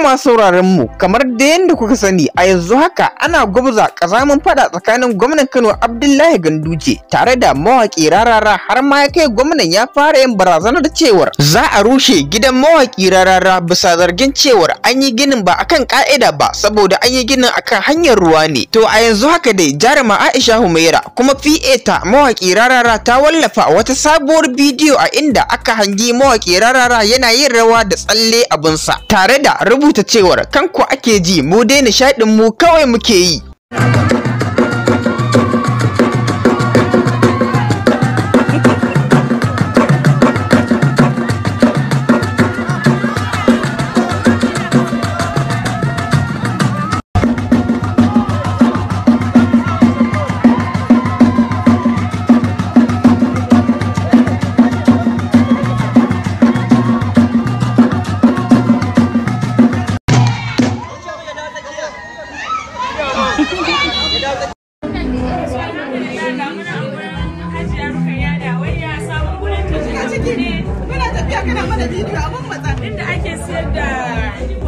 masu sauraron mu kamar da yadda kuka sani a yanzu haka ana gwabza kazamin fada tsakanin gwamnan Kano Abdullahi Ganduje tare da mawaki rarara har ma ya kai gwamnan ya fara yin barazanar cewar za a rushe gidan mawaki rarara bisa zargin cewar an yi ginin ba akan ka'ida ba saboda an yi ginin akan hanyar ruwa ne to a yanzu haka dai jaruma Aisha Humaira kuma PA ta mawaki rarara ta wallafa wata sabuwar bidiyo a inda aka hangi mawaki rarara yana yin rawa da tsalle abinsa tare da rubu rubuta cewar kanku ake ji mu dai nishaɗin mu kawai muke yi. Muna tafiya kana mana bidiyo abin matsa. Inda ake siyar da